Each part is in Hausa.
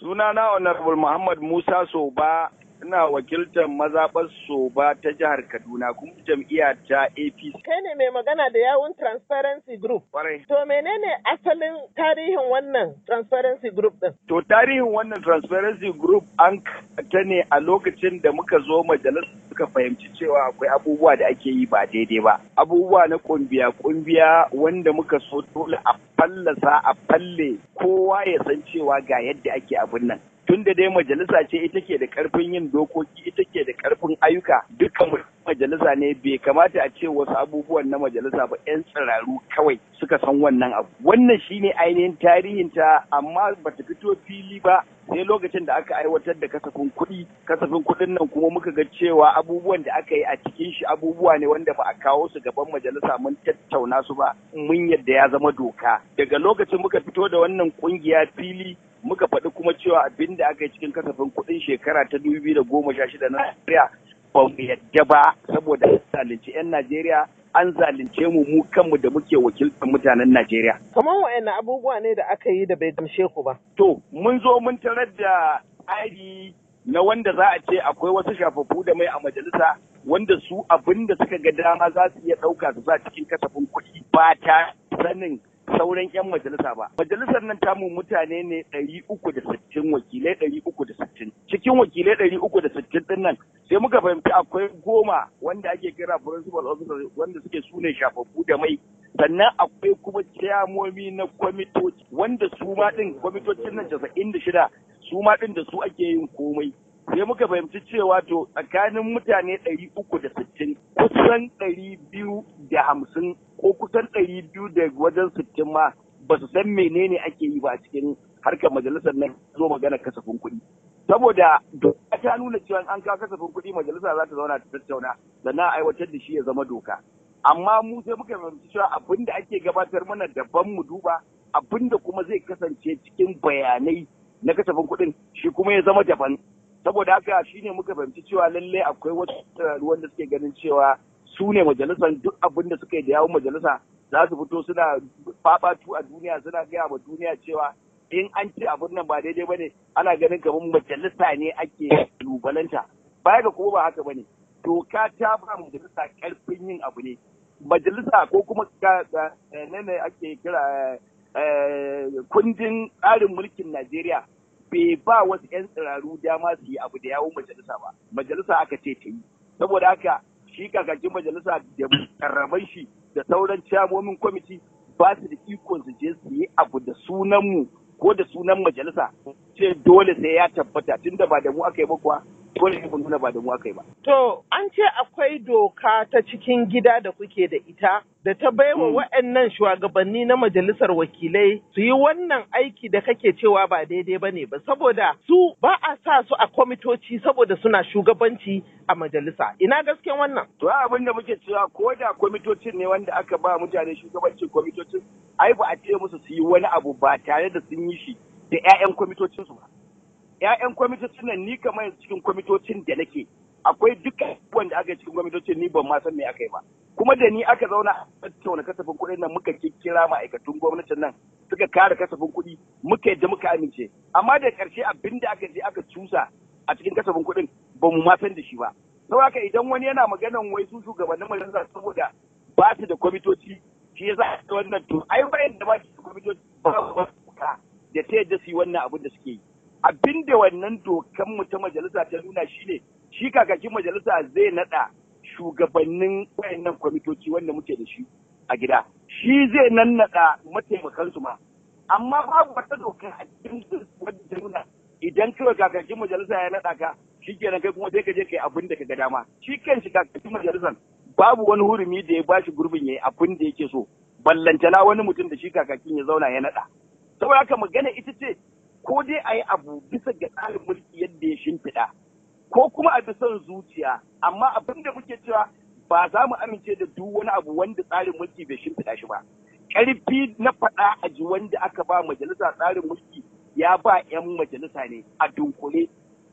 Sunana Honorable Muhammad Musa Soba ina wakiltar mazaɓar soba ta jihar Kaduna kuma jam'iyya ta APC. Kai ne mai magana da yawun Transparency Group. Kwarai. To menene asalin tarihin wannan Transparency Group ɗin To tarihin wannan Transparency Group an ta ne a lokacin da muka zo majalisa suka fahimci cewa akwai abubuwa da ake yi ba daidai ba. Abubuwa na kumbiya kumbiya wanda muka so dole a fallasa a falle kowa ya san cewa ga yadda ake abin nan. tun da dai majalisa ce ita ke da karfin yin dokoki ita ke da karfin ayyuka dukkan majalisa ne bai kamata a ce wasu abubuwan na majalisa ba 'yan tsiraru kawai suka san wannan abu wannan shine ainihin tarihin ta, amma ba ta fito fili ba sai lokacin da aka aiwatar da kasafin kuɗi kasafin kuɗin nan kuma muka ga cewa abubuwan da aka yi a cikin shi abubuwa ne wanda ba a kawo su gaban majalisa mun tattauna su ba mun yadda ya zama doka daga lokacin muka fito da wannan kungiya fili muka faɗi kuma cewa abinda aka yi cikin kasafin kuɗin shekara ta dubu biyu da goma sha shida na Najeriya ba mu yadda ba saboda an zalunci 'yan Najeriya an zalunce mu mu kanmu da muke wakiltar mutanen Najeriya. Kamar wa'annan abubuwa ne da aka yi da bai gamshe ku ba. To, mun zo mun tarar da ari na wanda za a ce akwai wasu shafafu da mai a majalisa wanda su abin da suka ga dama za su iya ɗauka su za cikin kasafin kuɗi ba ta sanin sauran 'yan majalisa ba. Majalisar nan tamu mutane ne ɗari uku da sittin wakilai ɗari uku da sittin. Cikin wakilai ɗari uku da sittin ɗin nan sai muka fahimci akwai goma wanda ake kira principal officer wanda suke sune shafaffu da mai sannan akwai kuma ciyamomi na kwamitoci wanda su ma ɗin kwamitocin nan jasa'in da shida su ma ɗin da su ake yin komai. sai muka fahimci cewa to tsakanin mutane ɗari uku da sittin kusan ɗari biyu da hamsin ko kusan ɗari biyu da wajen sittin ma ba su san menene ake yi ba cikin harkar majalisar nan zo magana kasafin kuɗi. Saboda doka ta nuna cewa an kawo kasafin kuɗi majalisa za ta zauna ta tattauna sannan aiwatar da shi ya zama doka. Amma mu sai muka fahimci cewa abin da ake gabatar mana daban mu duba abin da kuma zai kasance cikin bayanai na kasafin kuɗin shi kuma ya zama daban. saboda haka shine muka fahimci cewa lallai akwai wasu wanda suke ganin cewa su ne majalisar duk abin da suka yi da yawon majalisa za su fito suna fafatu a duniya suna gaya wa duniya cewa in an ci abin nan ba daidai ba ne ana ganin kamar majalisa ne ake lubalanta baya ga kuma ba haka ba bane doka ta ba majalisa karfin yin abu ne majalisa ko kuma eh, ne ake kira eh, eh, kundin tsarin mulkin Najeriya bai ba wasu 'yan tsirarru dama su yi abu da yawon majalisa ba majalisa aka ce ta yi saboda haka shi kakakin majalisa da karraman shi da sauran camomin kwamiti ba su da ikon su je su yi abu da sunanmu ko da sunan majalisa ce dole sai ya tabbata tunda ba da mu aka yi ba kuwa dole ne kun nuna ba da mu aka yi ba. To an ce akwai doka ta cikin gida da kuke da ita da ta bai baiwa hmm. waɗannan shugabanni na majalisar wakilai su yi wannan aiki da kake cewa ba daidai ba ne ba saboda su ba a sa su a kwamitoci saboda suna shugabanci a majalisa ina gasken wannan. To abin da muke cewa ko da kwamitocin ne wanda aka ba mutane shugabancin kwamitocin ai ba a ce musu su yi wani abu ba tare da sun yi shi da 'ya'yan kwamitocinsu ba. 'ya'yan kwamitocin nan ni kamar cikin kwamitocin da nake akwai duka wanda aka cikin kwamitocin ni ban ma san me aka yi ba kuma da ni aka zauna a tattauna kasafin kuɗin nan muka kira ma'aikatun gwamnatin nan suka kare kasafin kuɗi muka yadda muka amince amma da ƙarshe abin da aka je aka cusa a cikin kasafin kuɗin ba mu ma san da shi ba saboda haka idan wani yana maganan wai su shugabannin majalisa saboda ba su da kwamitoci shi ya za a wannan to ai bayan da ba su da kwamitoci ba su da ta yadda su yi wannan abin da suke yi abin da wannan dokan mu ta majalisa ta nuna shine shi kakakin majalisa zai nada shugabannin wayannan kwamitoci wanda muke da shi a gida shi zai nan nada mataimakansu ma amma babu wata dokan a cikin wanda ta nuna idan kawai kakakin majalisa ya nada ka shi kenan kai kuma sai ka je kai abin da ka ga dama shi kan shi kakakin majalisan babu wani hurumi da ya bashi gurbin yayi abin da yake so ballantana wani mutum da shi kakakin ya zauna ya nada saboda haka magana ita ce ko dai a yi abu bisa ga tsarin mulki yadda ya shimfiɗa ko kuma a bisan zuciya amma abin da muke cewa ba za mu amince da duk wani abu wanda tsarin mulki bai shimfiɗa shi ba ƙarfi na faɗa a ji wanda aka ba majalisa tsarin mulki ya ba 'yan majalisa ne a dunkule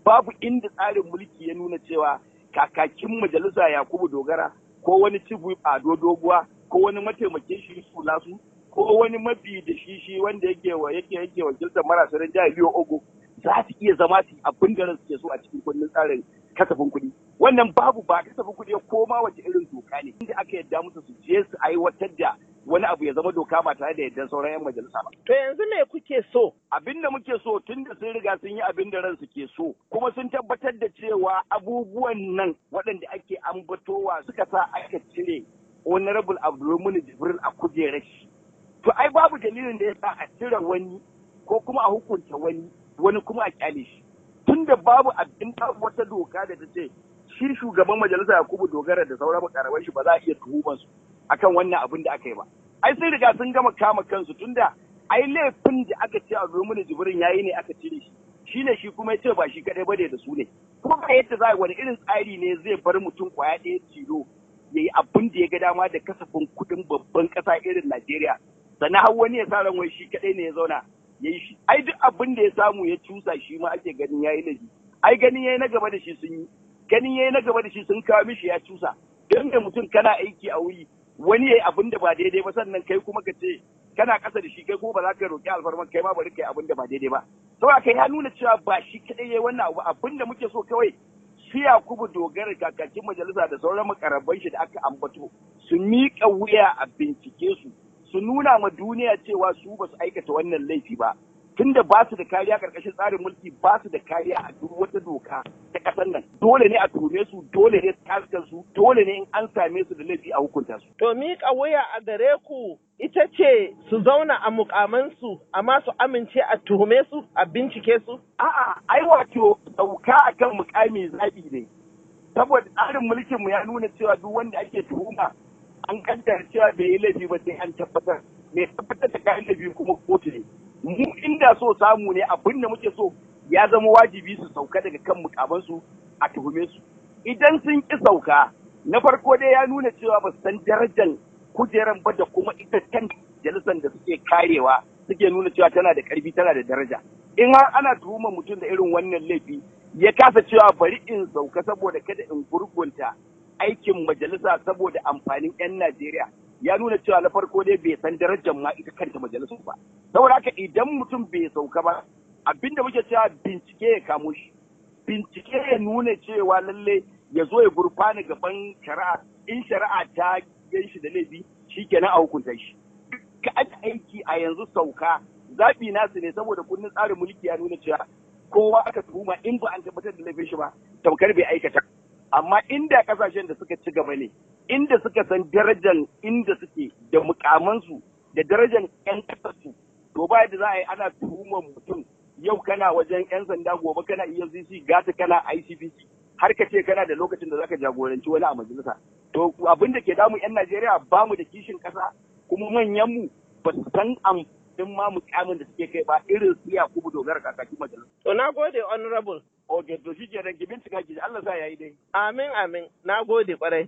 babu inda tsarin mulki ya nuna cewa kakakin majalisa yakubu dogara ko wani cibu a doguwa ko wani mataimakin shi su lasu ko wani mafi da shi shi wanda yake wa yake yake wakiltar marasa jihar biyu ogo za su iya zama su abin da suke so a cikin kundin tsarin kasafin kuɗi wannan babu ba kasafin kuɗi ya koma wace irin doka ne inda aka yadda musu su je su aiwatar da wani abu ya zama doka ba tare da yadda sauran 'yan majalisa ba. To yanzu ne kuke so? Abin da muke so tun da sun riga sun yi abin da ransu ke so kuma sun tabbatar da cewa abubuwan nan waɗanda ake ambatowa suka sa aka cire honorable abdulmumin jibril a kujerar shi to ai babu dalilin da ya sa a cire wani ko kuma a hukunta wani wani kuma a kyale shi tunda babu abin wata doka da ta ce shi shugaban majalisa kubu Dogara da sauran makarabai shi ba za a iya tuhuman su akan wannan abin da aka yi ba ai sai riga sun gama kama kansu tunda ai laifin da aka ce a Romulu Jibrin yayi ne aka cire shi shi ne shi kuma ya ce ba shi kadai ne da su ne kuma ba yadda za wani irin tsari ne zai bar mutum kwaya ɗaya tilo ya yi abin da ya ga dama da kasafin kuɗin babban ƙasa irin Najeriya sannan har wani ya sa ran wai shi kadai ne ya zauna ya yi shi ai duk abin da ya samu ya cusa shi ma ake ganin yayi da shi ai ganin yayi na gaba da shi sun yi ganin yayi na gaba da shi sun kawo mishi ya cusa dan da mutum kana aiki a wuri wani yayi abin da ba daidai ba sannan kai kuma ka ce kana kasa da shi kai ko ba za ka roki alfarman kai ma bari kai abin da ba daidai ba saboda kai ya nuna cewa ba shi kadai yayi wannan abu abin da muke so kawai su Yakubu dogara kakakin majalisa da sauran makarabban shi da aka ambato su miƙa wuya a bincike su su nuna ma duniya cewa su ba su aikata wannan laifi ba tunda ba su da kariya karkashin tsarin mulki ba su da kariya a duk wata doka ta kasar nan dole ne a tume su dole ne taskan su dole ne in an same su da laifi a hukunta su to miƙa wuya a gare ku ita ce su zauna a mukamansu amma su amince a tuhume su a bincike su a'a ai wato dauka akan mukami zabi ne saboda tsarin mulkin mu ya nuna cewa duk wanda ake tuhuma an kaddara cewa bai yi laifi ba sai an tabbatar mai tabbatar da kayan laifi kuma kotu ne mu inda so samu ne abin da muke so ya zama wajibi su sauka daga kan mukamansu a tuhume su idan sun ki sauka na farko dai ya nuna cewa ba san darajar kujeran ba da kuma ita kan jalisan da suke karewa suke nuna cewa tana da karfi tana da daraja in har ana tuhumar mutum da irin wannan laifi ya kasa cewa bari in sauka saboda kada in gurgunta aikin majalisa saboda amfanin 'yan Najeriya ya nuna cewa na farko dai bai san darajar ma ita kanta majalisar ba. Saboda haka idan mutum bai sauka ba abinda muke cewa bincike ya kamo shi. Bincike ya nuna cewa lalle ya zo ya gurfana gaban shari'a in shari'a ta gan shi da laifi shi kenan a hukunta shi. Ka aiki a yanzu sauka zaɓi nasu ne saboda kundin tsarin mulki ya nuna cewa kowa aka tuhuma in ba an tabbatar da laifin shi ba tamkar bai aikata. amma inda kasashen da suka ci gaba ne inda suka san darajar inda suke da mukamansu da darajar 'yan kasarsu to ba da za a yi ana tuhumar mutum yau kana wajen 'yan sanda gobe kana EFCC gata kana ICPC har ka ce kana da lokacin da za ka jagoranci wani a majalisa to abin da ke damu 'yan Najeriya ba mu da kishin kasa kuma manyanmu ba su san duk ma mukamin da suke kai ba irin su Yakubu Dogara kakaki majalis. To na gode honorable. Ok to shi ke ki bincika ki Allah ya yayi dai. Amin amin na gode kwarai.